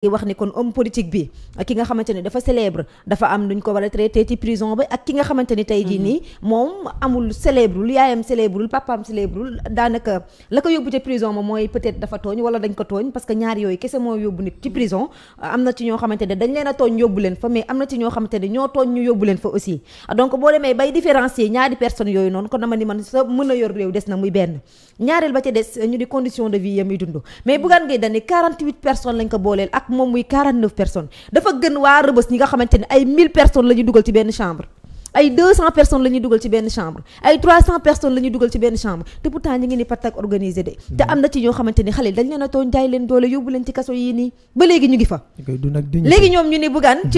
di wax ni kon homme politique bi ki nga xamante ni dafa célèbre dafa am luñ ko war a traité ci prison bi ak ki nga xamante ni tey jii mhm. nii moom amul célèbre lu yaayam célèbre lu papaam daanaka la ko yóbbu ci prison moom mooy peut dafa tooñ wala parce que ñaar yooyu kese moo yóbbu nit ci mhm. prison am na ci ñoo xamante ne dañ leen a tooñ yóbbu leen fa mais am na ci ñoo xamante ne ñoo tooñ ñu yóbbu leen fa aussi donc boo demee bay différencier ñaari personnes yooyu noonu kon dama ni man a yor réew des na benn ñaareel ba ca des ñu di condition de vie yam yi dund mais Bougane Gueye Dany 48 personnes lañ ko booleel ak moom muy 49 personnes dafa gën waa Rebeuss ñi nga xamante ne ay personnes la dugal ci benn chambre ay personnes la dugal ci benn chambre ay 300 te pourtant ñi ngi ni patak organisé de te am na ci ñoo xamante ni xale dañ leen a tooñ jaay leen doole yóbbu leen ci kaso yii nii ba léegi ñu ngi fa léegi ñoom ñu ni Bougane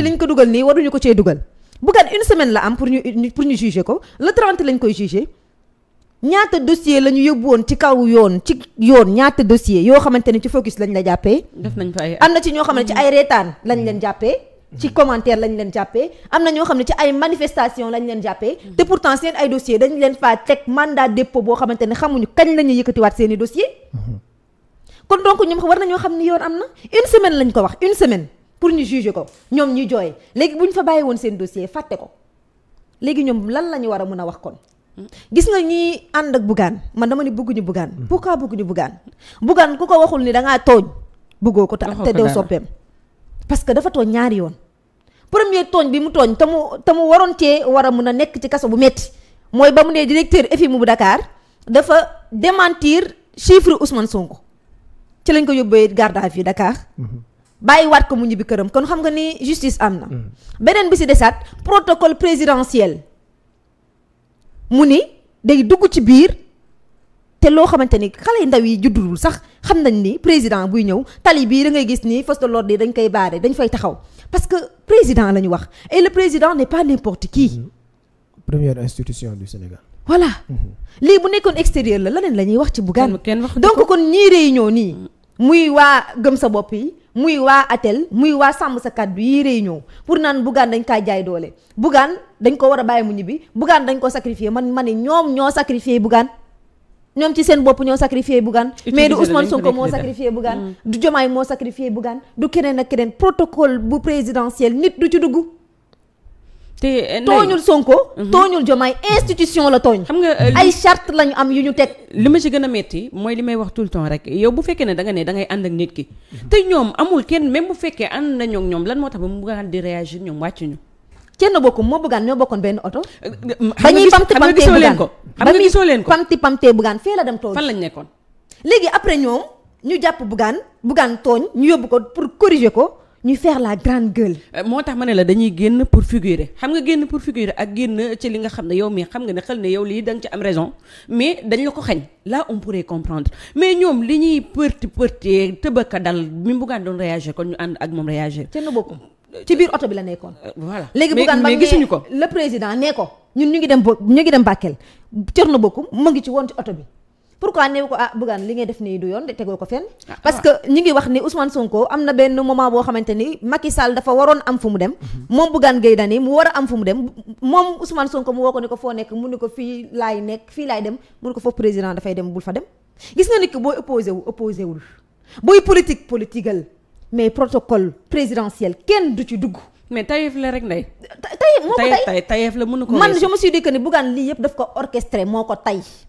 ci ñaata dossier la ñu yóbbu woon ci kaw yoon ci yoon ñaata dossier yoo xamante ne ci focus lañ la jàppee. def nañ fa am na ci ñoo xam ne ci ay reetaan lañ mm-hmm. leen jàppee. ci commentaire lañ leen jàppee am na ñoo xam ne ci ay manifestation lañ leen jàppee mm-hmm. te pourtant seen ay dossier dañu leen faa teg mandat dépôt boo xamante ne xamuñu kañ la ñuy yëkkatiwaat seen i dossier mm-hmm. kon donc ñoom war ñoo xam ni yoon am na une semaine lañ ko wax une semaine pour ñu juger ko ñoom ñuy jooy léegi bu fa bàyyi woon seen dossier fàtte ko léegi ñoom lan la ñu war a mën a wax kon gis nga ñi ànd ak bugaan man dama ni bëgguñu bugaan. Hmm. pourquoi bëgguñu bugaan. bugaan ku ko waxul ni da tooñ. bëggoo ko tax te doo soppeem. parce que dafa tooñ ñaari yoon. premier tooñ bi mu tooñ te mu te mu waroon cee war a mun a nekk ci kaso bu metti mooy ba mu nee directeur FMI bu dakaar dafa démentir chiffre Ousmane Sonko ci lañ ko yóbbee garde à vue hmm. bàyyi waat ko mu ñibbi këram kon xam nga ni justice am na. Hmm. beneen bi si desaat protocole présidentiel. mu ni day dugg ci biir te loo xamante ni xale yu ndaw yi juddul sax xam nañ ni président buy ñëw tali bii da ngay gis ni force de l'ordre yi dañ koy baare dañ fay taxaw parce que président la ñu wax et le président n'est pas n'importe qui. Mhm. première institution du Sénégal. voilà mhm. lii bu nekkoon extérieur la leneen la ñuy wax ci Bougane donc kon ñii réunion nii muy waa gëm sa bopp yi muy waa atel muy waa sàmm sa kàddu yi réunion pour naan Bougane dañ kaa jaay doole Bougane dañ ko war a bàyyi mu ñibbi Bougane dañ ko sacrifier man ma ne ñoom ñoo sacrifier Bougane ñoom ci seen bopp ñoo sacrifier Bougane mais du Ousmane Sonko moo sacrifier Bougane mm. du Diomaye moo sacrifier Bougane du keneen ak keneen protocole bu présidentiel nit du ci dugg te eh, tooñul Sonko. Mhm. tooñul Jomaay institution la tooñ. xam nga euh, ay charte lañu am yu ñu teg. li ma ci gën a métti mooy li may wax tout le temps rek yow bu fekkee ne danga nga ne da ngay ànd ak nit ki. Mhm. te ñoom amul kenn même bu fekkee ànd nañu ak ñoom lan moo tax ba mu bëgg di réagir ñoom wàccuñu. kenn bokkum moo bëggaan ñoo bokkoon benn oto. Euh, ba ñuy pamti pamtee bugaan xam nga gisoo leen ko pamti pamtee bugaan fee la dem tooñ. fan lañ nekkoon. léegi après ñoom ñu jàpp bugaan bugaan tooñ ñu yóbbu ko pour corriger ko ñu faire la grande gueule. Euh, moo tax ma ne la dañuy génn pour figurer xam nga génn pour figurer ak génn ci li nga xam ne yow mii xam nga ne xel ne yow lii da ci am raison mais dañu la ko xañ la on pourrait comprendre mais ñoom li ñuy përti përti tëbaka dal mi Bougane doon réagir kon ñu ànd ak moom réagir. te nu bokk ci biir oto bi la nekkoon. Euh, voilà léegi Bougane mais gisuñu ko le président nee ko ñu ñu ngi dem bo ñu ngi dem Bakel cër na bokkum mu ngi ci woon ci oto bi. pourquoi néew ko ah bëggaan li ngay def nii du yoon de tegoo ko fenn ah, parce ah. que ñi ngi wax ni usman Sonko am na benn moment boo xamante ni Macky Sall dafa waroon am fu mu dem mhm. moom bëggaan Gueye Dany mu war a am fu mu dem moom Ousmane Sonko mu woo ko ni ko foo nekk mu ni ko fii laay nekk fii laay dem mu ni ko foofu président dafay dem bul fa dem gis nga nit ki booy opposé wu opposé wul booy politique politiqueal mais protocole présidentiel kenn du ci dugg mais tayef la rek ndey. tayef moo ko tay tayef la mënu ko. man je me suis dit que ko orchestré moo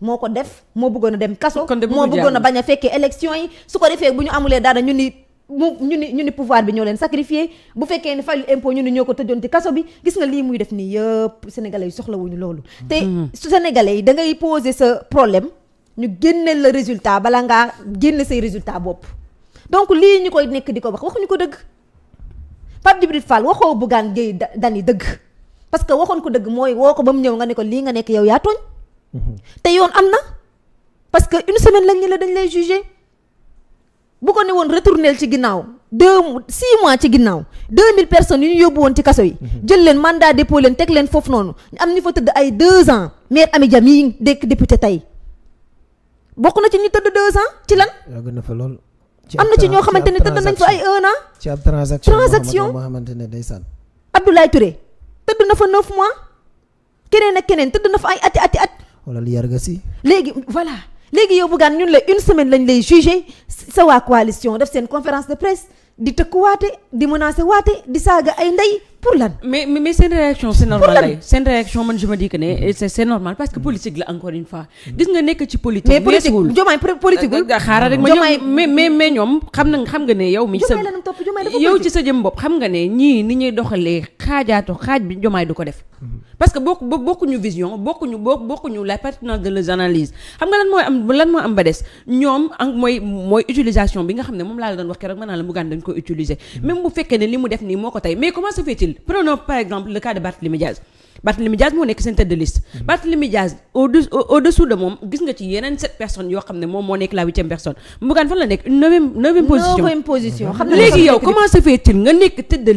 moo ko def moo bëggoon a kaso. moo bëggoon a bañ a fekkee élection yi su ko defee bu ñu amulee dara ñu ni. ñu ni ñu ni pouvoir bi ñoo leen sacrifié bu fekkee ne fayul impôt ñu ni ko tëjoon ci kaso bi gis nga lii muy def nii yëpp sénégalais yi soxlawuñu loolu. te mm-hmm. su sénégalais yi da ngay poser sa problème ñu génneel la résultat bala ngaa génne say résultat bopp. donc lii ñu koy nekk di ko wax waxuñu ko dëgg. Pape Djibril Fall waxoo Bougane Gueye Dany dëgg parce que waxoon ko dëgg mooy woo ko ba mu ñëw nga ne ko lii nga nekk yow yaa tooñ te yoon am na parce que une semaine lañ ni la dañ lay jugé bu ko ne woon retournel ci ginnaaw deux six mois ci ginnaaw deux mille personnes yu ñu yóbbu woon ci kaso yi mhm. jël leen mandat dépôt leen teg leen foofu noonu am ñu fa tëdd ay deux ans maire ami jam mii dekk député tey bokk na ci ñu tëdd deux ans ci lan. yaa gën na fa lool. am na ci ñoo xamante ne tëdd nañ fa ay un an. ci ab transaction transaction boo xamante tëdd na fa neuf mois keneen ak keneen tëdd na fa ay ati ati at. wala lu yar nga léegi voilà léegi yow Bougane ñun la une semaine lañ lay jugé sa waa coalition def seen conférence de presse di tëkkuwaate di menacer waate di saaga ay ndey. pour lan. mais mais seen réaction c'est normal lay seen réaction man parce que politique la encore une fois. gis nga nekk ci politique. yow. ci sa jëm bopp xam nga ne ñii ni ñuy doxalee xaajaatu xaaj bi jomaay du ko def. parce que bokk bokkuñu vision bokkuñu bokkuñu la pertinence de les analyses xam nga lan mooy am lan mooy am ba des ñoom ak mooy utilisation bi nga xam ne moom laa la wax keroog mën naa la mu dañ ko utiliser. Mm. même bu fekkee ne li mu def nii moo ko tey mais difficile prenons par exemple le cas de Barthélémy Diaz Barthélémy moo nekk seen tête de liste mm-hmm. Barthélémy Diaz au au dessous de moom gis nga ci yeneen sept personnes yoo xam ne moom moo nekk la huitième personne Bougane fan la nekk une neuvième neuvième position neuvième léegi yow comment se nga nekk tête de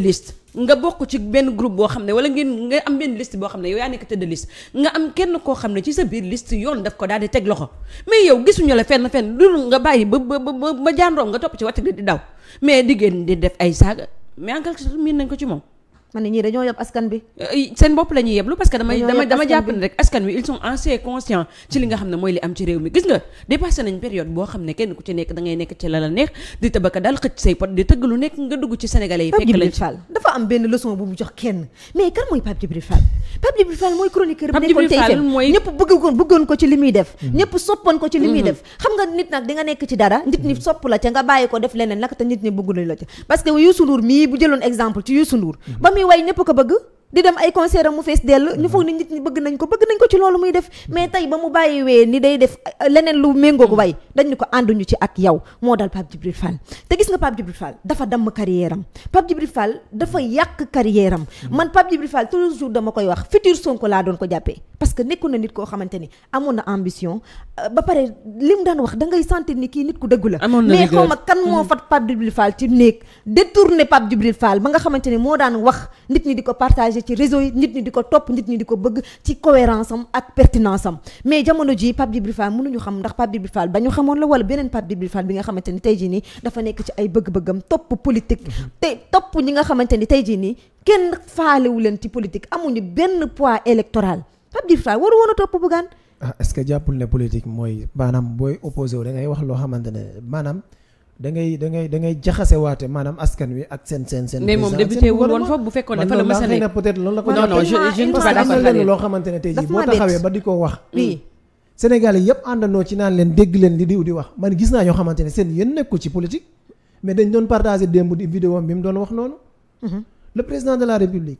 nga bokk ci benn groupe boo xam ne wala ngeen nga am benn liste boo xam ne yow yaa nekk tête de nga am kenn koo xam ne ci sa biir liste yoon daf ko daal di teg loxo mais yow gisuñu la fenn fenn dul nga bàyyi di daw di def ay saaga mais en quelque sorte miin moom man ne ñii ñoo yab askan bi. Euh, seen bopp la yeblu parce que dama jàpp ne rek askan wi ils sont assez conscients ci li nga xam ne mooy li am ci réew mi gis nga dépassé nañ période boo xam ne kenn ku ci nekk da nekk ci la neex di tabaka daal xëcc say pot di tëgg lu nekk nga dugg ci sénégalais yi. fekk lañ Fall dafa am benn leçon bu mu jox kenn mais kan mooy Pape Djibril nit nag di nekk ci dara nit ñi sopp la ca nga bàyyi ko def leneen naka te nit ñi bëggul la mi way ñëpp ko bëgg di dem ay concert mu fees dell ñu mhm. foog nit ñi bëgg nañ ko bëgg nañ ko ci loolu muy def mais tey ba mu bàyyi wee ni day def euh, leneen lu méngoo ko way dañ ko ànduñu ci ak yow moo dal Pape Djibril Fall te gis nga Pape Djibril Fall dafa damm carrière am Pape Djibril dafa yàq carrière am mhm. man Pape Djibril Fall toujours dama koy wax futur Sonko laa doon ko jàppee parce que nekku na nit koo xamante ni amoon na ambition euh, ba pare li mu daan wax da ngay sentir ni kii nit ku dëggu la mais xaw ma kan moo mhm. fat Pape ba nga xamante ni moo daan wax nit ñi di ko partager partagé ci réseau yi nit ñi di ko topp nit ñi di ko bëgg ci cohérence am ak pertinence am mais jamono ji Pape Djibril Fall ñu xam ndax Pape Djibril Fall ba ñu xamoon la wala beneen Pape Djibril Fall bi nga xamante ni tey jii nii dafa nekk ci ay bëgg-bëggam topp politique mm-hmm. te topp ñi nga xamante ni tey jii nii kenn faalewu leen ci politique amuñu benn poids électoral Pape Djibril Fall waru woon a topp Bougane ah est que jàppul ne politique mooy maanaam booy opposé wu da ngay wax loo xamante ne maanaam da ngay da ngay da ngay jaxasewaate maanaam askan wi ak seen seen seen. mais moom woon foofu bu fekkoon dafa la la ko. non loo xamante ne tey jii boo taxawee ba di ko wax. Hmm. Sénégal yi yëpp àndandoo ci naan leen dégg leen li diw di wax man gis naa ñoo xamante ne seen yéen nekkul ci politique mais dañ doon partagé démb di vidéo bi mu doon wax noonu. Hmm. le président de la république.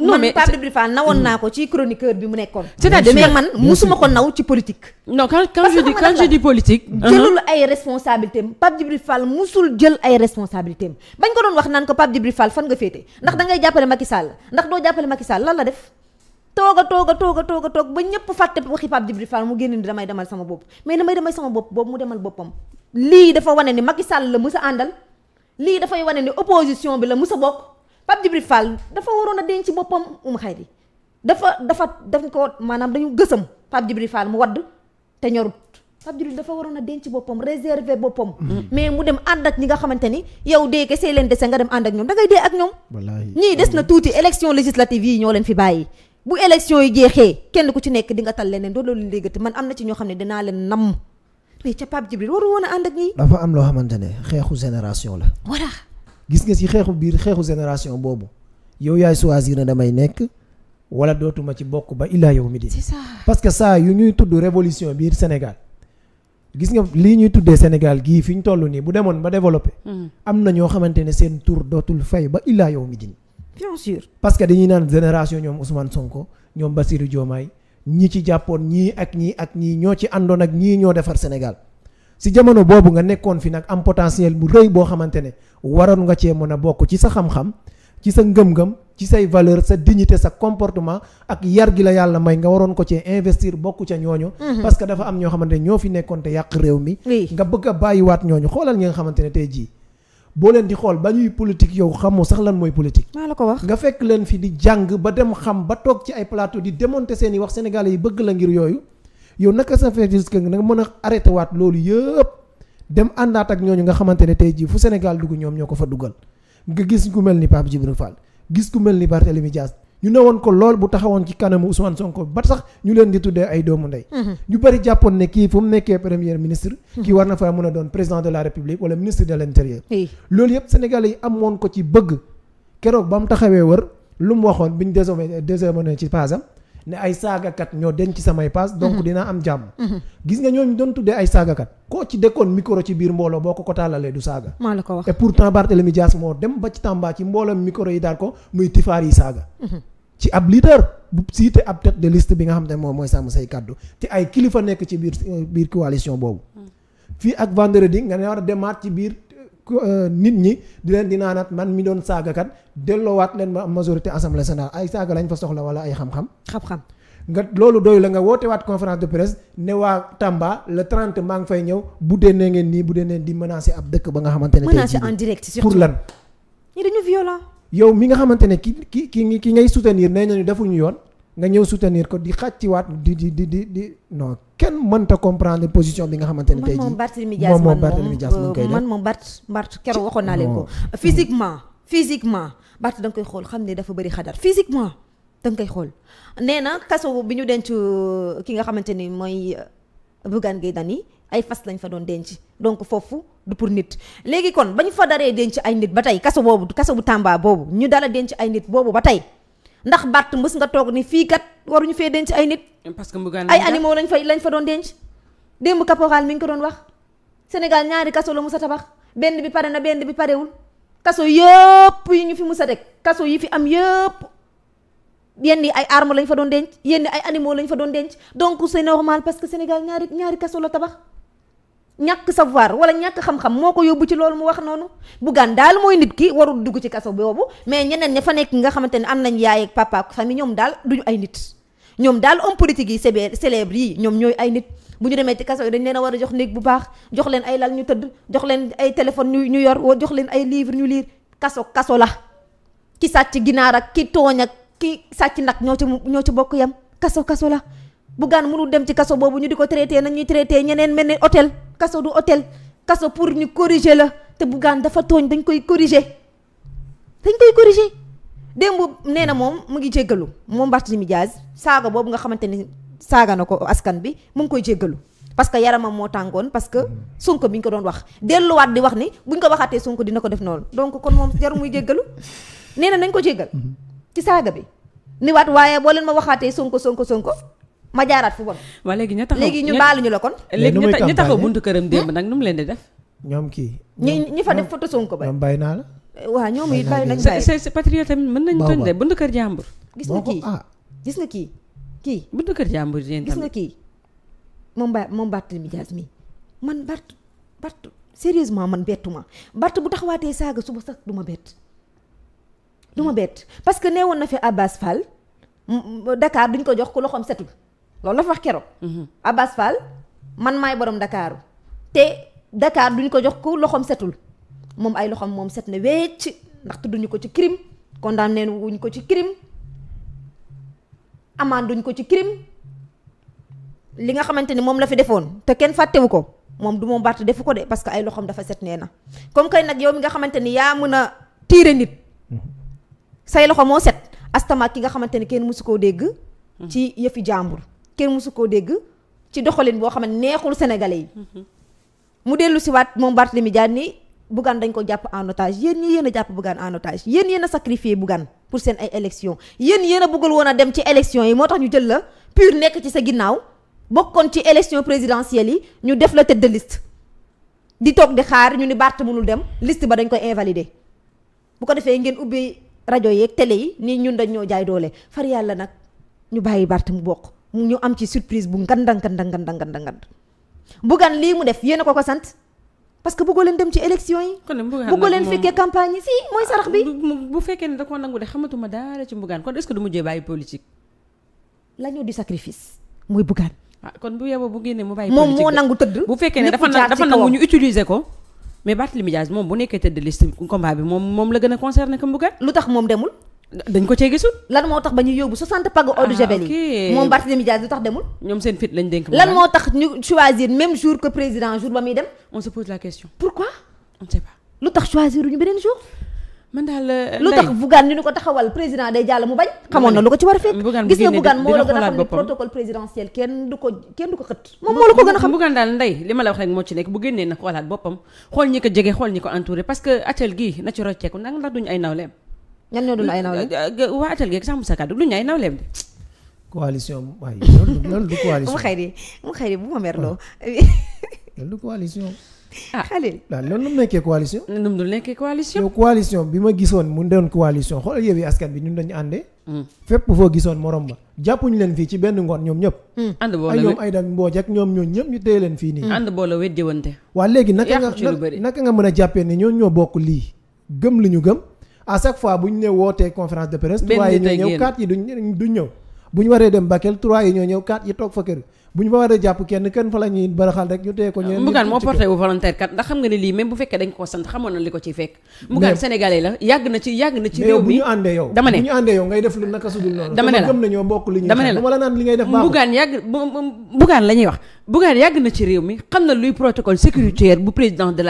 non mais Pape Djibril nawoon naa ko ci chroniqueur bi mu nekkoon. c'est-à-dire mais man musuma ko naw ci politique. jëlul uh-huh. ay responsabilités am Pape Djibril Fall musul jël ay responsabilités bañ ko doon wax naan ko Pape Djibril Fall fan nga féete ndax dangay ngay jàppale Macky Sall ndax doo jàppale Macky Sall lan la def. toog a toog a toog a a toog ba ñëpp fàtte waxi Pape Djibril Fall mu génn ni damay demal sama bopp mais na damay demal sama bopp boobu mu demal boppam lii dafa wane ni Macky Sall la mës a àndal lii dafay wane ni opposition bi la mës a Pape Djibril Fall dafa waroon a denc boppam xay Khayri dafa dafa dañ ko maanaam dañu gësam Pape Djibril faal mu wadd te ñorut Pape Djibril dafa waroon a denc boppam réserver boppam. Mm. Mm. mais mu dem ànd ak ñi nga xamante ni yow dee see leen dese nga dem ànd ak ñoom dangay dee ak ñoom. ñii des na tuuti élection législative yi ñoo leen fi bàyyi. bu élection yi jeexee kenn ku ci nekk di nga tal leneen doo loolu léegati man am na ci ñoo xam ne dinaa leen namm mais ca Pape waru woon a ànd ak ñii. dafa am loo xamante ne xeexu génération la. gis nga si xeexu biir xeexu génération boobu yow yaay choisir na damay nekk wala dootuma ci bokk ba illaa yow mi di c'est ça que saa yu ñuy tudd révolution biir Sénégal gis nga lii ñuy tuddee Sénégal gii fi ñu toll nii bu demoon ba développé hmm. am na ñoo xamante ne seen tur dootul fay ba illaa yow mi din bien sûr parce que dañuy naan génération ñoom Ousmane Sonko ñoom Bassirou joomaay ñi ci jàppoon ñii ak ñii ak ñii ñoo ci àndoon ak ñii ñoo defar Sénégal si jamono boobu nga nekkoon fi nag am potentiel bu rëy boo xamante ne waroon nga cee mën a bokk ci sa xam-xam ci sa ngëm-ngëm ci say valeur sa dignité sa comportement ak yar gi la yàlla may nga waroon ko cee investir bokku ca ñooñu mhm. parce que dafa am ñoo xamante ne ñoo fi nekkoon te yàq réew mi nga bëgg a bàyyiwaat ñooñu xoolal ñi nga xamante ne tey jii boo leen di xool ba ñuy politique yow xamoo sax lan mooy politique maa la ko wax nga fekk leen fi di jàng ba dem xam ba toog ci ay plateau di démonter seen i wax sénégalais yi bëgg la ngir yooyu yow naka sa faire jusque nga mën a arrêté waat loolu yëpp dem àndaat ak ñooñu nga xamante ne tey jii fu Sénégal duggu ñoom ñoo ko fa dugal nga gis ku mel ni Pape Djibril Fall gis ku mel ni Barthélémy Dias ñu ne woon ko lool bu taxawoon ci kanamu Ousmane Sonko ba sax ñu leen di tuddee ay doomu ndey. Mhm. ñu bëri jàppoon ne kii fu mu nekkee premier ministre. Mhm. kii war na faa mën a doon président de la république wala ministre de l' intérieur. loolu yëpp sénégalais yi amoon ko ci bëgg keroog ba mu taxawee wër lu mu waxoon bi ñu désœuvé désœuvé ci paasam. ne ay saagakat ñoo denc samay paas donc mhm. dinaa am jàmm mhm. gis nga ñooñu doon tuddee ay saagakat koo ci dekkoon micro ci biir mbooloo boo ko ko tàllalee du saaga maa la ko wax et pourtant Barthélémy Dias moo dem ba ci Tamba ci daal ko muy tifaar yi saaga mhm. ci ab leader bu siite ab tête de liste bi nga xam ne moom mooy sàmm say kàddu te ay kilifa nekk ci biir euh, coalition boobu fii ak vendredi nga ne war a demaat ci biir Euh, nit ñi di leen di naanaat man mi doon saagakat delloowaat leen ma am majorité assemblée nationale ay saaga lañ fa soxla wala ay xam-xam. xam-xam nga loolu doyu la nga woote waat conférence de presse ne waa Tamba le trente maa ngi fay ñëw bu dee nee ngeen nii bu dee nee di menacer ab dëkk ba nga xamante ne. menacer en direct surtout pour lan. ñi dañu violent. yow mi nga xamante ne ki ki ki ki ngay soutenir nee nañu defuñu yoon. nga ñëw soutenir ko di xàcciwaat di di di di di non kenn mënta comprendre position bi nga xamante ne tey jii moom Barthélemy Dias moom Barthélemy Dias mu ngi koy euh, def man moom Barth Barth keroog waxoon naa leen ko euh, physiquement physiquement Barth da nga koy xool xam ne dafa bëri xadar physiquement da nga koy xool nee na kaso bi ñu denc euh, ki nga xamante ni mooy Bougane Gueye Dany ay fas lañ fa doon denc donc foofu du pour nit léegi kon ba ñu fa daree denc ay nit ba tey kaso boobu kaso bu Tamba boobu ñu dala denc ay nit boobu ba tey ndax Bart mës nga toog ni fii kat waruñu fee denc ay nit. parce que ay animaux lañ fay lañ fa doon denc. démb caporal mi ngi ko doon wax Sénégal ñaari kaso la musa tabax benn bi pare na benn bi parewul kaso yëpp yi ñu fi musa teg kaso yi fi am yëpp. yenn yi ay armes fa doon denc yenn ay animaux lañ fa doon denc donc c'est normal parce que Sénégal ñaari ñaari kaso la tabax. ñàkk savoir wala ñàkk xam-xam moo ko yóbbu ci loolu mu wax noonu buggaan daal mooy nit ki warul dugg ci kaso boobu mais ñeneen ña fa nekk nga xamante ne am nañ yaay ak papa ak famille ñoom daal duñu ay nit ñoom daal homme politique yi cb célèbre yi ñoom ñooy ay nit bu ñu demee ci kaso yi dañ leen a war a jox néeg bu baax jox leen ay lal ñu tëdd jox leen ay téléphone ñu ñu yor jox leen ay livre ñu liir kaso kaso la ki sàcc ginaar ak ki tooñ ak sàcc nag ñoo ci ñoo ci bokk yam kaso kaso la Bougane mënul dem ci kaso boobu ñu di ko traité nañ ñuy traité ñeneen mel ni hôtel kaso du hôtel kaso pour ñu corriger la te Bougane dafa tooñ dañ koy corriger dañ koy corriger démb nee na moom mu ngi jéggalu moom Barthélémy Dias saaga boobu nga xamante ni saaga na ko askan bi mu ngi koy jéggalu parce que yaramam moo tàngoon parce que Sonko bi ñu ko doon wax delluwaat di wax ni buñ ko waxaatee Sonko dina ko def noonu donc kon moom jaru muy jéggalu nee na nañ ko jéggal mm-hmm. ci saaga bi ni waat waaye boo leen ma waxaatee Sonko Sonko Sonko ma jaaraat fu bon. waa léegi ñu taxaw léegi ñu baalu ñu la kon. léegi ñu taxaw buntu këram démb hmm? nag nu mu leen di def. ñoom kii. ñi ñi fa def foto Sonko ba. ñoom bàyyi naa la. waaw ñoom it bàyyi sa sa patriote tamit mën nañu tooñ de buntu kër jàmbur. gis nga kii ah. gis nga kii kii. buntu kër jàmbur yéen tamit gis nga kii. moom ba moom Barthélémy Dias mi man Bart Bart sérieusement man bettu ma Bart bu taxawaatee saaga suba sax du bett. du ma bett parce que nee woon na fi Abbas Fall Dakar duñ ko jox ku loxoom setul loolu la fa wax keroog. Mhm. Abass Fall man maay borom ndakaaru te Dakar duñ ko jox ku loxoom setul moom ay loxoom moom set na wecc ndax tudduñu ko ci crime condamné wuñ ko ci crime amende duñ ko ci crime li nga xamante ni moom la fi defoon te kenn fàttewu ko moom du moom Barth defu ko de parce que ay loxoom dafa set nee na comme kay nag yow mi nga xamante ni yaa mën a tiire nit mhm. say loxo moo set astama ki nga xamante ni kenn mësu koo dégg mhm. ci yëfi jàmbur kenn mosu koo dégg ci doxalin boo xam ne neexul sénégalais yi mu dellu si waat moom Barthélemy Dias ni Bougane dañ ko jàpp en otage yéen ñi yéen a jàpp Bougane en otage yéen yéen a sacrifié Bougane pour seen ay élection yéen yéen a woon a dem ci élection yi moo tax ñu jël la pur nekk ci sa ginnaaw bokkoon ci élection présidentielle yi ñu def la tête list di toog di xaar ñu ni Barth mënul dem list ba dañ koy invalider bu ko defee ngeen ubbi rajo yeeg télé yi nii ñun dañ ñoo jaay doole far yàlla nag ñu bàyyi Barth mu bokk ñu am ci surprise bu ngandang ngandang ngandang ngandang Bougane lii mu def yéen ko ko sant parce que bëggoo leen dem ci élection yi. bëggoo leen fekkee campagne yi si mooy sarax bi. Ah, fekkee ne da koo nangu de xamatuma daara ci Bougane kon est-ce que du mujjee bàyyi politique. la ñu di sacrifice mooy Bougane. Ah, mu bàyyi. moom moo nangu tëdd. bu fekkee ne dafa dafa nangu ñu utiliser ko. mais Barthélémy Dias moom bu nekkee tëdd liste combat bi moom moom la gën a concerné que Bougane. lu tax moom demul. dañ ko cee gisul. lan moo tax ba ñu yóbbu 60 pagu eau de ah, javel yi moom Barthélémy Dias du tax demul. ñoom seen fit lañ dénk. lan moo tax ñu choisir même jour que président jour dem. Euh, mu bañ. xamoon na lu a fekk. gis nga Bougane moo la gën a xam ne protocole présidentiel kenn du ko kenn du ko xët. moom moo la ko gën a xam Bougane daal ndey li ma la wax rek moo ci nekk bu génnee na xoolaat boppam xool ñi ko jege xool ñi ko entouré parce que atel gii na ci rocceeku ndax duñu ay nawleem ñan ñoo doon ay nawleem sa kàddu lu ñu ay nawleem de. coalition waaye loolu loolu du coalition. mu xëy di mu xëy di bu ma merloo. loolu du coalition. ah Khalil waaw loolu nu mu nekkee coalition. nu mu dul coalition. bi ma gisoon mu doon coalition xoolal Yewwi Askan bi ñun dañu àndee. Mm. fépp foo gisoon moroom ba jàppuñu leen fii ci benn ngoon ñoom ñëpp. Mm. ànd boole ay ñoom Aïda ak ñoom ñooñu ñëpp ñu téye leen fii nii. Mm. ànd boole weddiwante. waa léegi naka nga naka nga mën a jàppee ne ñoo ñoo bokk lii gëm li ñu gëm à chaque fois bu ñu ne wootee conférence de presse trois yi ñoo ñëw quatre yi duñ ñëw bu ñu waree dem Bakel trois yi ñoo ñëw quatre yi toog fa kër bu ñu fa waree jàpp kenn kenn fa la baraxal rek ñu téye ko ñeneen Bougane moo porté wu volontaire kat ndax xam nga ne lii même bu fekkee dañ ko sant xamoon na li ko ciy fekk Bougane sénégalais la yàgg na ci yàgg na ci réew mi bu ñu àndee yow dama ne bu ñu àndee yow ngay def lu naka sudul noonu dama la na ñoo bokk li ñuy dama ne na ci réew mi xam na luy protocole sécuritaire bu président de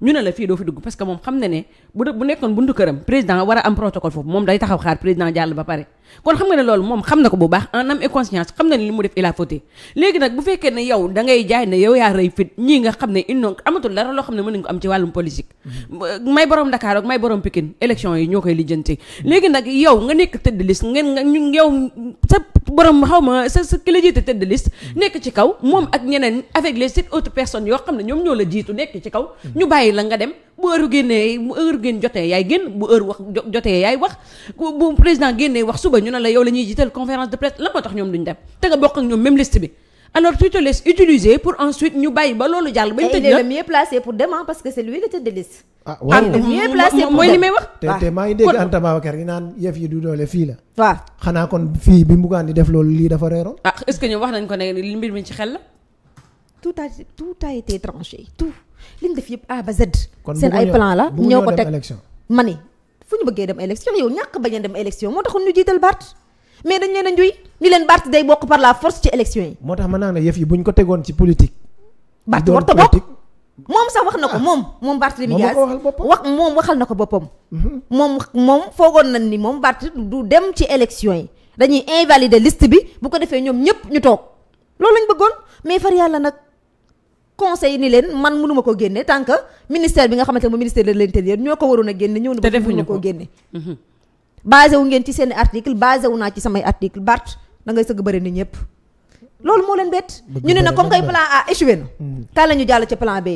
ñu ne la fii doo fi dugg parce que moom xam na ne bu bu nekkoon buntu këram président war a am protocole foofu moom day taxaw xaar président jàll ba pare kon xam nga ne loolu moom xam na ko bu baax en âme et conscience xam na ne li mu def il a fauté léegi nag bu fekkee ne yow dangay ngay jaay ne yow yaa rëy fit ñii nga xam ne il non amatul dara loo xam ne mën nañ ko am ci wàllum politique mm-hmm. may borom Dakar ak may borom Pikine élection yi ñoo koy lijjanti léegi nag yow nga nekk tëdd liste ngeen nga ñu yow sa borom xaw ma sa sa ki la jiite tëdd liste nekk ci kaw moom ak ñeneen avec les sept autres personnes yoo xam ne ñoom ñoo la jiitu nekk ci kaw mm-hmm. ñu bàyyi la nga dem bu heure génnee bu heure génn jotee yaay génn bu heure wax jotee yaay wax bu président génnee wax suba ñu ne la yow la ñuy conférence de presse la moo tax ñoom duñ dem te nga bokk ak ñoom loolu ah, ah, mooy li may wax. te te ah. maa ngi dégg Anta yi naan yëf yi du doole fii la. waaw xanaa kon fii bi Bougane di def loolu lii dafa réeroon. ah est-ce wax nañ ko ne mbir mi ci xel la. liñ def yëpp A ba Z. seen ay plan la ñoo ko teg ma ni fu ñu bëggee dem élection yow ñàkk bañ a dem élection moo par la force ci moo tax ma naa ne yëf yi buñ ko tegoon ci politique. Barth warut a moom sax wax na ko ah. moom moom Barthélémy Dias wax moom waxal na ko boppam mhm. moom foogoon nañ ni moom Barth du dem ci élection yi dañuy invalider list bi bu ko defee ñoom ñëpp ñu toog loolu lañ bëggoon mais far yàlla nag conseil ni leen man mënuma ko génne tant que ministère bi nga xamante ne moom ministère de l'intérieur ñoo ko waroon a génne ñëw na ba mënuma ko génne mhm. basé wu ngeen ci seen article basé wu naa ci samay article Bart da sëgg bëri ni ñëpp loolu moo leen bett ñu ne nag comme kay plan A échoué na mm. kan la ñu jàll ci plan B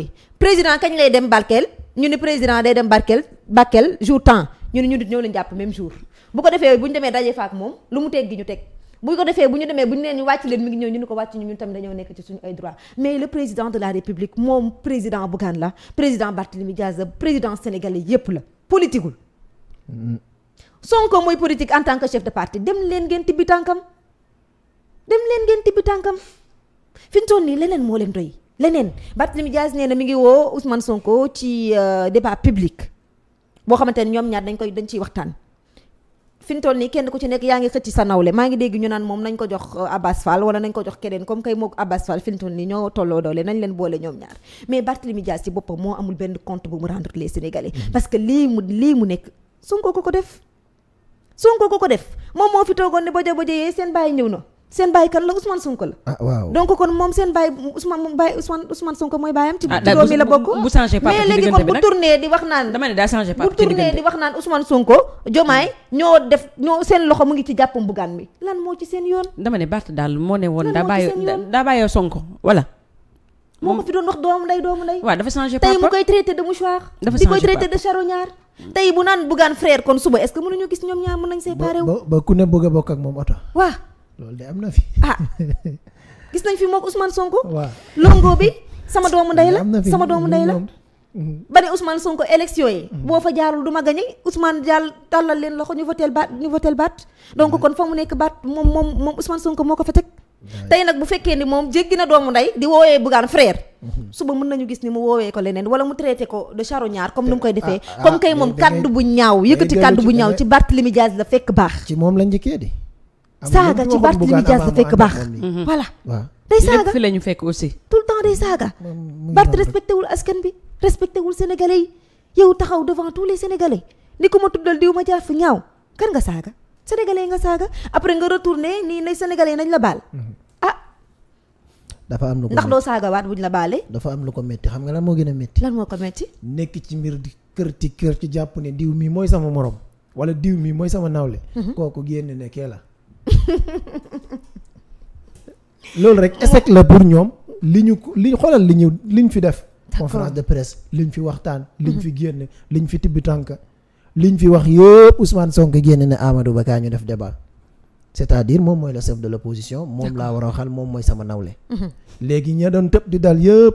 président kañ lay dem Bakel ñu ne président day dem Bakel Bakel jour temps ñu ne ñu dit ñoo leen jàpp même jour bu ko defee bu ñu demee dajee faak moom lu mu teggi ñu teg bu ko defee bu ñu demee bu ñu nee wàcc leen mi ngi ñëw ñu ne ko wàcc ñu ñun tamit dañoo nekk ci suñu ay droit mais le président de la république moom président Bougane la président Barthélémy Diaz la président sénégalais yépp la politiqueul Sonko mooy politique en tant que chef de parti dem leen ngeen tibbi tànkam dem leen ngeen tibbi tànkam fi ñu toll nii leneen moo leen doy leneen Barthélémy Diaz nee na mi ngi woo Ousmane Sonko ci euh, débat publique boo xamante ñoom ñaar dañ koy dañ ciy waxtaan fi toll nii kenn ku ci nekk yaa ngi xëcc sa nawle maa ngi dégg ñu naan moom nañ ko jox euh, Abbas Fall wala nañ ko jox keneen comme kay moog Abbas Fall fi ñu toll nii ñoo tolloo doole nañ leen boole ñoom ñaar mais Barthélemy Dias ci boppam moo amul benn compte bu mu rendre les Sénégalais mm-hmm. parce que lii mu lii mu nekk Sonko ko ko def Sonko ko ko def moom moo fi toogoon ne bojo bojo yee seen bàyyi ñëw na seen baay kan la Ousmane Sonko la. ah waaw donc kon moom seen baay Ousmane moom baay Ousmane Ousmane Sonko mooy baayam. ci juróomi ah, la bokk bu changé papa mais léegi kon bu tourné di wax naan. dama ne daa changé papa bu tourné di wax mu ngi ci jàppam bugaan bi lan moo ci seen yoon. dama ne Barth daal moo ne woon. daa bàyyi daa bàyyi Sonko voilà. moo ko fi doon wax doomu ndey doomu ndey. waaw dafa changé papa tey mu koy traité de mouchoir. dafa changé papa di koy traité de charognard. tey bu naan bugaan frère kon suba est-ce loolu de am na fi. ah gis nañ fi moom Ousmane Sonko. waaw longo bi sama doomu ndey la sama doomu ndey la. Mhm. ba ne Ousmane ko élection yi. Mhm. boo fa jaarul du ma gañe Ousmane daal tàllal leen loxo ñu voteel baat ñu voteel baat. donc mhm. kon fa mu nekk baat moom moom moom Ousmane Sonko moo ko feteg teg. tey nag bu fekkee ni moom jéggi na doomu ndey di woowee Bougane frère. suba mun nañu gis ni mu woowee ko leneen wala mu traité ko de charognard comme nu mu koy defee. Ah, ah, comme kay moom ah, kaddu bu ñaaw yëkkati bu ñaaw ci Barthélémy Dias la fekk baax. ci moom la njëkkee di. saaga ci Barthélémy Dias fekk baax mhm. voilà day saaga fi lañu fekk aussi tout le temps day saaga Barth respecté askan bi respecté wul sénégalais yi yow taxaw devant tous les sénégalais ni ku ma tuddal diw ma jaaf ñaaw kan nga saaga sénégalais nga saaga après nga retourné nii nay sénégalais nañ la baal mhm. ah dafa am lu ko doo saaga waat buñ la baalee dafa am lu ko metti xam nga lan moo gën a metti lan moo ko metti nekk ci mbir di kër ti kër ci jàpp ne diw mii mooy sama morom wala diw mii mooy sama nawle mhm. kooku génn la loolu rek échec la pour ñoom li ñu ko li xoolal li ñu li ñu fi def. conférence de presse li ñu fi waxtaan. li ñu mhm. fi génn li ñu fi tibbi tànk. li ñu fi wax yëpp Ousmane Sonko génn ne Amadou Ba kaa ñu def débat. c'est-à-dire moom mooy le chef de position moom la war a waxal moom mooy sama nawle. Mhm. léegi ña doon tëb di dal yëpp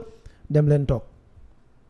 dem leen toog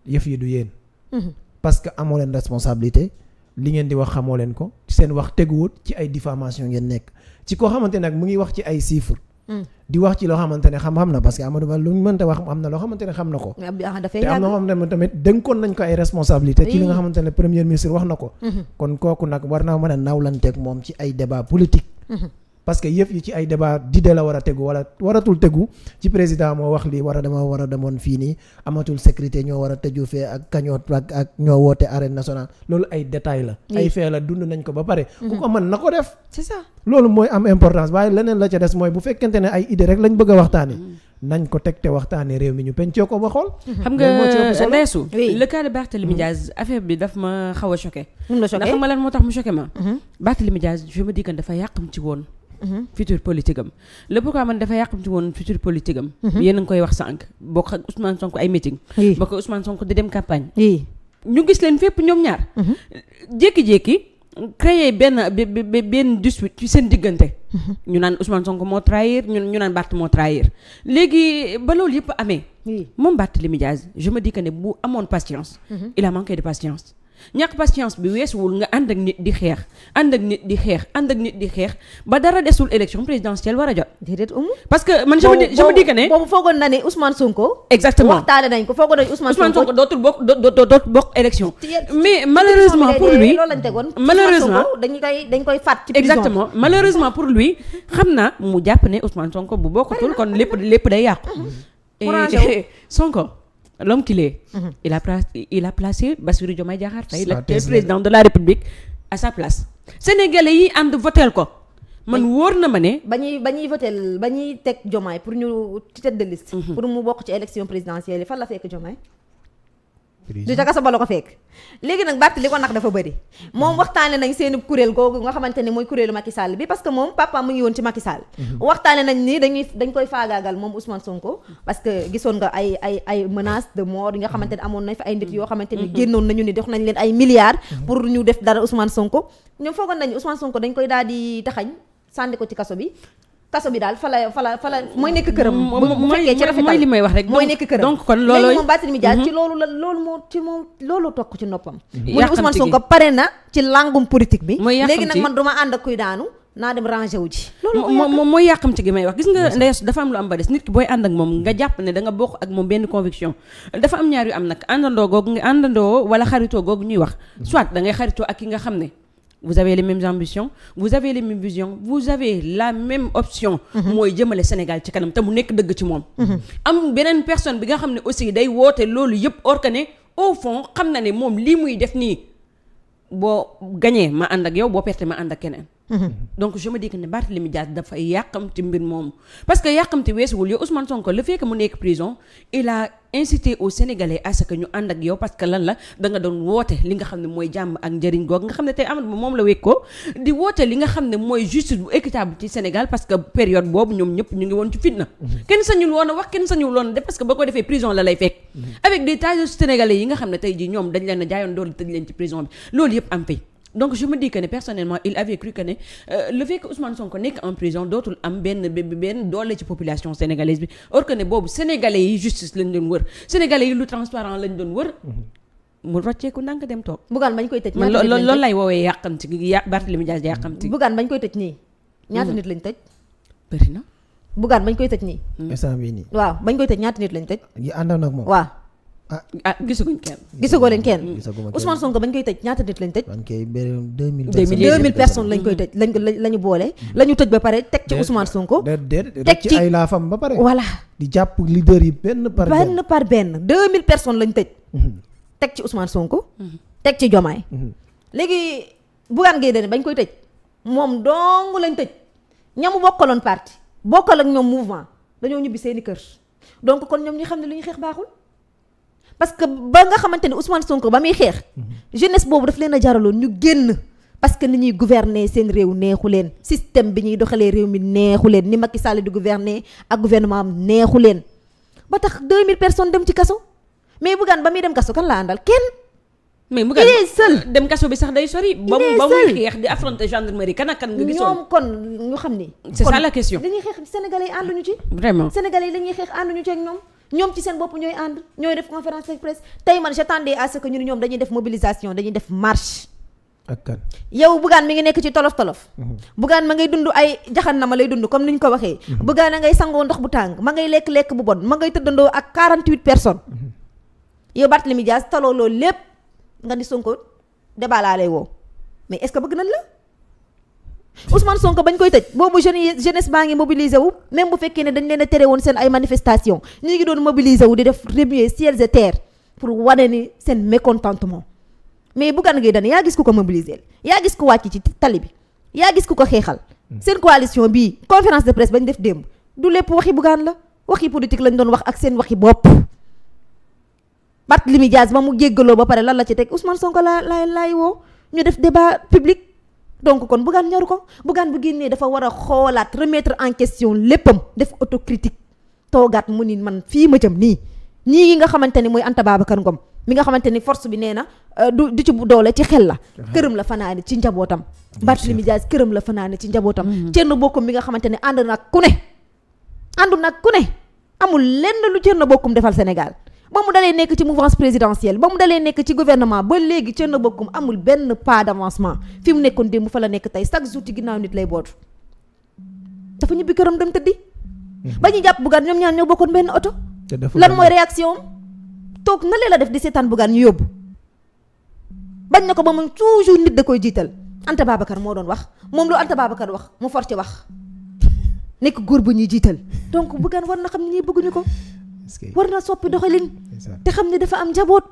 yëf yi du yéen. Mhm. parce que amoo leen responsabilité li ngeen di wax xamoo leen ko seen wax teguwut ci ay diffamation ngeen nekk. ci koo xamante nag mu ngi wax ci ay chiffres. Hmm. di wax ci loo xamante ne xam-xam na parce que Ba lu ñu mënta wax am na loo xamante ne xam na ko. Ah, ah, te am na loo xamante ne tamit nañ ko ay responsabilité ci li nga xamante ne premier ministre wax na ko. Hmm. kon kooku nag war naa mën a nawlanteeg moom ci ay débat politique. Hmm. parce que yëf yi ci ay débat d'idée la war a tegu wala waratul tegu ci président moo wax li war a dama war a demoon fii nii amatul sécurité ñoo war a tëju fee ak kañoo ak ak ñoo woote arène nationale loolu ay détail la ay fee la dund nañ ko ba pare ku ko mhm. mën na ko def c'est ça loolu mooy am importance waaye leneen la ca des mooy bu fekkente ne ay idée rek lañ bëgg a waxtaane mhm. nañ ko teg te waxtaanee réew mi ñu pencee ko ba xool. Mhm. xam nga Ndeysu. le cas de affaire bi daf ma xaw a choqué. mun la moo tax mu choqué ma. Barthélemy Diaz je me dis ci woon. Mhm. futur politique am le pourquoi man dafa yàqamti woon futur politique am mhm. yéen a ngi koy wax sànq bokk ak Ousmane Sonko ay meeting bokk ak Ousmane Sonko di dem campagne ñu gis leen fépp ñoom ñaar mhm. jékki-jékki créer benn benn dispute ci seen diggante ñu naan Ousmane Sonko moo trahir ñun ñu naan Barth moo trahir léegi ba loolu yëpp amee moom Barthélémy Dias je me dis que ne bu amoon patience il a manqué de patience ñàkk patience bi weesuwul nga ànd ak nit di xeex ànd ak nit di xeex ànd ak nit di xeex ba dara desul élection présidentielle war a jot. déedéet parce que man je me dis je me dis que ne. boobu na Sonko. exactement waxtaane ko foogoon nañ Ousmane Sonko Ousmane Sonko dootul bokk dootul bokk élection. mais malheureusement pour lui malheureusement dañ koy dañ koy fàtt ci prison exactement malheureusement pour lui xam na mu jàpp ne Ousmane Sonko bu bokk bokkatul kon lépp lépp day yàqu. Sonko. l'homme qu'il est mm -hmm. il a il a placé Bassirou Diomaye Diakhar Faye le président de la République à sa place sénégalais yi ànd votel ko man wóor na ma ne. ba ñuy ba ñuy votel ba ñuy teg Diomaye pour ñu ci de liste. Mhm. pour mu bokk ci élection présidentielle yi fan la fekk Diomaye du ca kaso ba la ko fekk léegi nag Barth li ko nax dafa bëri moom mm-hmm. waxtaane nañ seen kuréel googu nga xamante ne mooy kuréelu Macky Sall bi parce que moom papa mu ngi woon ci Macky Sall mm-hmm. waxtaane nañ ni dañuy dañ koy faagaagal moom Ousmane Sonko parce gisoon nga ay ay ay menace de mort nga xamante ne mm-hmm. amoon nañ fi ay nit yoo xamante ne génnoon nañu ni jox nañ leen ay milliards pour ñu def dara Ousmane Sonko ñoom foogoon nañ Ousmane Sonko dañ koy daal di taxañ sànni ko kaso bi daal fa la fa la mooy nekk këram. Mm, bu fekkee ci rafetal mooy li may wax rek. mooy nekk këram donc kon looloo moom Barthélémy Dias ci mhm. loolu la loolu moo ci moom loolu tokk ci noppam. Mhm. mu ne Ousmane Sonko pare na ci langum politique bi. mooy léegi man duma ànd ak daanu. naa dem rangé wu ji. loolu mooy yàqam ci gi may wax gis nga ndeyes dafa am lu am ba des nit ki booy ànd ak moom nga jàpp ne danga nga bokk ak moom benn conviction dafa am ñaar yu am nag àndandoo googu nga àndandoo wala xaritoo googu ñuy wax mhm. soit da ngay xaritoo ak ki nga xam ne vous avez les même ambitions vous avez les mêmes visions vous la même option. Mhm. mooy jëmale Sénégal ci kanam te mu nekk dëgg ci moom. Mhm. am beneen personne bi nga xam ne aussi day woote loolu yëpp or que ne xam na ne moom lii muy def nii boo gañee ma ànd ak yow boo perte ma ànd ak keneen. Mhm. Mhm. donc je me dis que ne Barthélémy Dias dafay yàqamti mbir moomu parce que yàqamti weesuwul yow Ousmane Sonko le fait que mu nekk prison il a incité aux Sénégalais à ce ñu ànd ak yow parce que lan la da nga doon woote li nga xam ne mooy jàmm ak njëriñ goog nga xam ne tey Amadou Ba moom la wekkoo di woote li nga xam ne mooy justice bu équitable ci Sénégal parce que période boobu ñoom ñëpp ñu ngi woon ci fitna mhm. kenn sañul woon a wax kenn sañul woon a def parce que ba ko defee prison la lay yi nga xam ne ji ñoom dañ leen a jaayoon doole tëj leen ci donc je me dis que ne personnellement il avait cru que ne euh, le fait que Ousmane Sonko nekk en prison dootul am benn benn doole ci population sénégalaise bi or que ne boobu sénégalais yi justice lañ doon wër sénégalais yi lu transparent lañ doon wër. Mhm. mu rocceeku ndànk dem toog. Bougane bañ koy tëj. man loolu lay woowee yà Barthélémy Dias yàqamti. Bougane bañ koy tëj nii. ñaata nit lañ tëj. bëri na. bañ koy tëj nii. Hmm. instant bii waaw bañ koy tëj ñaata nit lañ tëj. yi àndoon ak moom waaw. ah gisaguñ kenn. Mm. gisagoo leen kenn. Mm. gisaguma kenn Ousmane Sonko bañ koy tëj ñaata nit lañ tëj. ban kay benn deux mille. ba pare teg ci Ousmane Sonko. teg ci ay benn par benn. benn par benn deux mille personnes lañ Jomaay. Mm-hmm. Mm-hmm. Mm-hmm. léegi Bougane Gueye Dany bañ koy tëj. moom dong lañ tëj. ñamu bokkaloon parti bokkal ak ñoom mouvement dañoo ñibbi seeni kër donc kon ñoom ñu xam ne li ñu xeex baaxul parce que ba nga xamante ni ne son ko ba muy xeex jeunesse boobu daf leen a jaraloon ñu génn parce que ni ñuy gouverner seen réew neexu leen système bi ñuy doxalee réew mi neexu leen ni Macky Sall di gouverner ak gouvernement neexu leen ba tax 2000 personnes dem ci kaso mais Bougane ba muy dem kaso kan la àndal kenn. mais Bougane il dem kaso bi sax day sori. ba mu ba muy xeex di affronter gendarmerie kan ak kan nga gisoon kon ñu xam ni. c'est ça la question. dañuy xeex sénégalais yi ñu ci. vraiment yi dañuy xeex ànduñu ci ak ñoom. ñoom ci seen bopp ñooy ànd ñooy def conférence de presse tey man j'attendais à ce que ñu ne ñoom dañuy def mobilisation dañuy def marche. ak kan yow Bougane mi ngi nekk ci tolof tolof. Mhm. Bougane ma ngay dund ay jaxan na ma lay dund comme ni ñu ko waxee. Mhm. Bougane a ngay sangoo ndox bu tàng ma ngay lekk lekk bu bon ma ngay tëddandoo ak 48 personnes. Mhm. yow Barthélémy Dias taloo loolu lépp nga di Sonko débat laa lay woo mais est-ce bëgg nañ la. Ousmane Sonko bañ koy tëj boobu jeune jeunesse baa ngi mobiliser wu bu fekkee ne dañ leen a tere woon seen ay manifestation ñu ngi doon mobiliser di def remuer ciels et terres pour wane ni seen mécontentement mais Bougane Gueye Dany yaa gis ku ko mobiliser yaa gis ku wàcc ci tali bi yaa gis ku ko xeexal hmm. seen coalition bii conférence de presse bañ def démb du lépp waxi Bougane la wax waxi politique lañ doon wax ak seen waxi bopp Barthélémy Dias ba mu jéggaloo ba pare lan la ci teg Ousmane Sonko laa laay laay woo ñu def débat public donc kon Bougane ñaru ko Bougane bu génnee dafa war a xoolaat remettre en question léppam def autocritique toogaat mu ni man fii ma jëm nii ñii nga xamante ni mooy Anta Babacar Ngom mi nga xamante ni force bi nee na euh, du du ci doole ci xel la këram la fanaane ci njabootam Barthélémy Dias këram la fanaane ci njabootam mhm. Thierno Bocoum mi nga xamante ne ànd ak ku ne àndu nag ku ne amul lenn lu na bokkum defal Sénégal ba mu dalee nekk ci mouvance présidentielle ba mu dalee nekk ci gouvernement ba léegi ca na bokkum amul benn pas d'avancement fi mu nekkoon démb fa la nekk tey chaque jour ci ginnaaw nit lay boot dafa ñibbi këram dem tëddi mhm. ba ñu jàpp Bougane ñoom ñaar ñoo bokkoon benn oto lan mooy réaction toog na lee la def di seetaan Bougane ñu yóbbu bañ na ko ba moom toujours nit da koy jiital Anta Babacar moo doon wax moom lu Anta Babacar wax mu for ci wax nekk góor bu ñuy jiital donc Bougane war na xam ne ñii bëgguñu ko war na soppi doxalin te xam ne dafa am njaboot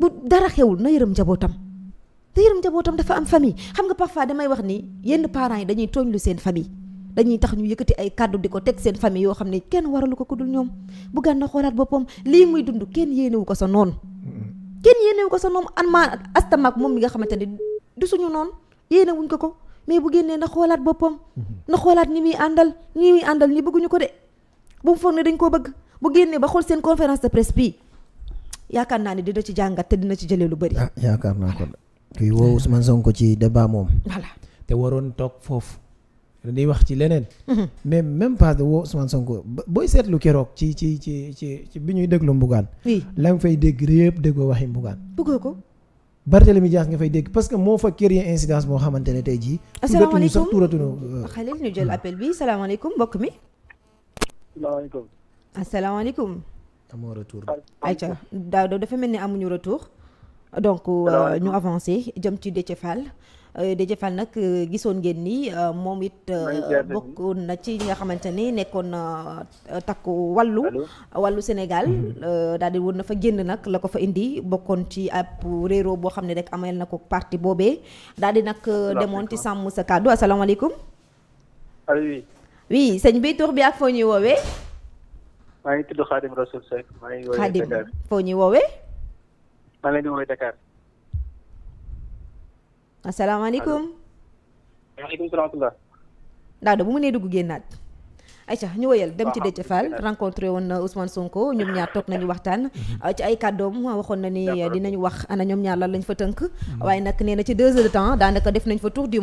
bu dara xewul na yërëm njabootam te yërëm njabootam dafa am famille xam nga parfois damay wax ni yenn parents yi dañuy tooñ lu seen famille dañuy tax ñu yëkkati ay kàddu di ko teg seen famille yoo xam ne kenn waralu ko ku dul ñoom bu gànna xoolaat boppam lii muy dund kenn yéenewu ko sa noon kenn yéenewu ko sa noonu an maa astamaak moom mi nga xamante ne du suñu noon yéenewuñ ko ko mais bu génnee na xoolaat boppam mm-hmm. na xoolaat ni muy àndal ni muy àndal ni bëgguñu ko de bu dañ koo bëgg bu génnee ba xool seen conférence de presse bi yaakaar naa ne dina ci jàngat te dina ci jëlee lu bëri. ah yaakaar naa ko kuy woo Ousmane Sonko ci débat moom. te waroon toog foofu. dañuy wax ci leneen. Mhm. mais même pas de woo son Sonko booy seetlu keroog ci ci ci ci ci bi ñuy déglu Mbougane. oui la nga fay dégg yëpp déggoo waxi Mbougane. bëggoo ko. mi Dias nga fay dégg parce que moo fa créer incidence moo xamante ne tey jii. asalaamaaleykum tuuratuñu sax tuuratuñu. Khalil euh, ñu jël appel bi salaamaaleykum mbokk mi. salaamaaleykum. asalaamaaleykum. amoo retour. dafa mel ni amuñu retour. donc euh, ñu avancé jëm ci Déthié Fall. Euh, Déthié nag euh, gisoon ngeen nii moom it bokkoon na ci ñi nga xamante ni nekkoon takku wàllu wàllu Sénégal mhm. daal di woon na fa génn nag la ko fa indi bokkoon ci ab réeróo boo xam ne rek ameel na ko parti boobee daal di nag demoon ci sàmm sa kàddu asalaamaaleykum. allo oui. oui sëñ bi tur ak foo ñuy woowee. maa ngi tudd Khadim Rasoul Seck maa ngi woowee Dakar foo ñuy woowee. maa ngi di woowee Dakar. asalaamaaleykum. waaleykum salaam wa rahmatulah. Daouda bu mu nee dugg génnaat. ayca ñu wëyal dem ci Déthié Fall rencontré woon Ousmane Sonko ñoom ñaar toog nañu waxtaan ci ay kàddoom waxoon na ni dinañu wax ana ñoom ñaar lan lañ fa tënk hmm. waaye nag nee na ci deux heures de temps daanaka def nañ fa tour de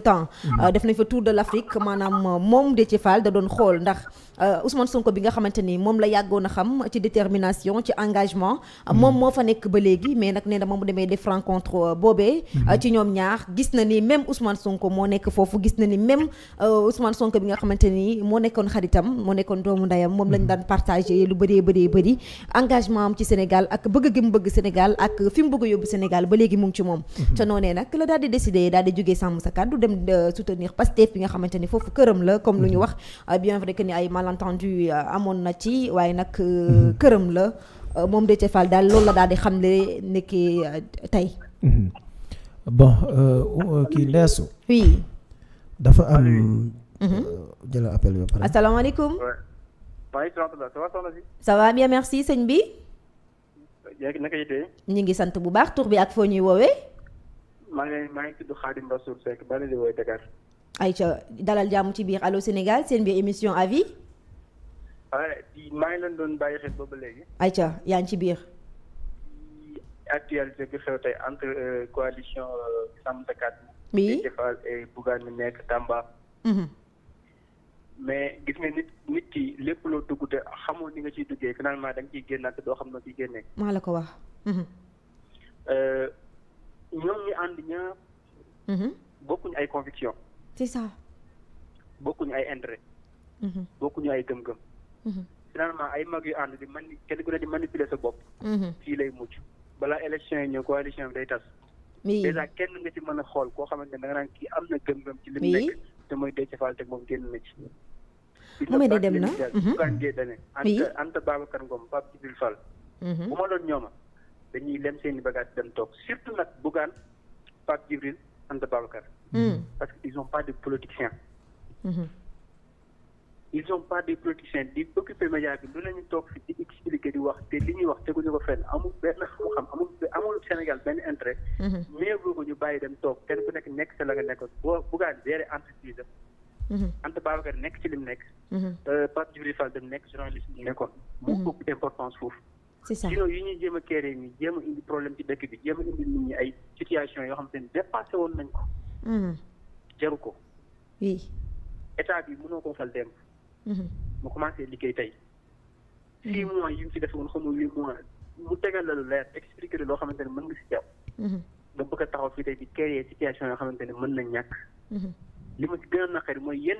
temps hmm. euh, de l'Afrique maanaam moom Déthié Fall euh, ni moom la yàggoon a hmm. moo nekk ba léegi na moom demee def rencontre euh, boobee gis na ni même Ousmane Sonko moo nekk foofu gis na ni même Ousmane Sonko bi nga xamante ni moo nekkoon xaritam moo nekkoon doomu ndeyam moom lañ mhm. daan partagé lu bëree bëree bëri engagement am ci Sénégal ak bëgg gi mu bëgg Sénégal ak fi mu bëgg a yóbbu Sénégal ba léegi mu ngi ci moom mhm. ca noonee nag la daal di décidé daal di jógee sàmm sa kàddu dem euh, soutenir Pastef bi nga xamante ni foofu këram la comme lu ñu mhm. wax euh, bi vrai que ni ay malentendu euh, amoon na ci waaye nag këram la moom Déthié Fall daal loolu la daal di xamle nekki tey bon kii leesu oui dafa am jël appel bi ba pare. asalaamaaleykum. maaleykum salaam ça va soxna merci sëñ bi. naka yitee. ñu ngi sant bu baax tur bi ak foo ñuy woowee. maa ngi maa ngi tudd Khadim Rassoul Seck ba di woowee Dakar. Aïcha dalal jàmm ci biir Allô Sénégal seen biir émission à ah, maa ngi leen doon bàyyi xel boobu léegi. ay ca ngi ci biir. actualité bi xew tey entre euh, coalition euh, Sàmm Sa Kàddu. oui Déthié Fall et nekk Tamba. Mhm. mais gis nga nit nit ki lépp loo dugg te xamul ni nga ciy duggee finalement da nga ciy génnaat te doo xam noo ciy génnee. maa la ko wax. Mm-hmm. Euh, ñoom ñi ànd ñëpp. Mm-hmm. bokkuñu ay conviction c'est ça. bokkuñu ay intérêt. Mm-hmm. bokkuñu ay gëm-gëm. finalement ay mag yu ànd di man kenn ku ne di manipuler sa bopp. fii lay mujj balaa élection yi ñëw coalition bi day tas. a kenn nga ci mën a xool koo xamante ne da nga kii am na gëm-gëm ci li mu nekk te mooy Déthié Fall te moom ci. moom it dem na Bougane Gueye Dany Anta Anta Babacar Ngom Pape Djibril Fall mhm. bu ma doon ñooma dañuy lem seen i bagage dem toog surtout nag Bougane Pape Djibril Anta Babacar mhm. parce que ils ont pas de politiciens mhm. ils ont pas de politiciens di occupé média bi lu lañu toog fi di expliqué di wax te li ñuy wax teguñu ko fenn amul benn xam-xam amul amul Sénégal benn intérêt mieux vaut ko ñu bàyyi dem toog kenn ku nekk nekk sa la nekkoon boo Bougane gérer entreprise Mhm. Anta Babacar nekk ci li mu nekk. Mhm. Euh, Pape Djibril Fall dem nekk journaliste bi nekkoon. mu mhm. ëpp importance foofu. c'est ça yi ñuy jéem a kéré nii jéem a indi problème ci dëkk bi jéem a indi nit ñi ay situation yoo xam te ne dépassé woon nañ ko. jaru ko. oui état bi mënoo ko fal démb. mu commencé liggéey tey. six mois yi mu fi defoon xamul huit mois mu tegal la lu leer expliqué loo xamante ne mën nga si jàpp. ba bëgg a taxaw fii tey di créer situation yoo xamante ne mën na ñàkk. li ma si gën a naqari mooy yenn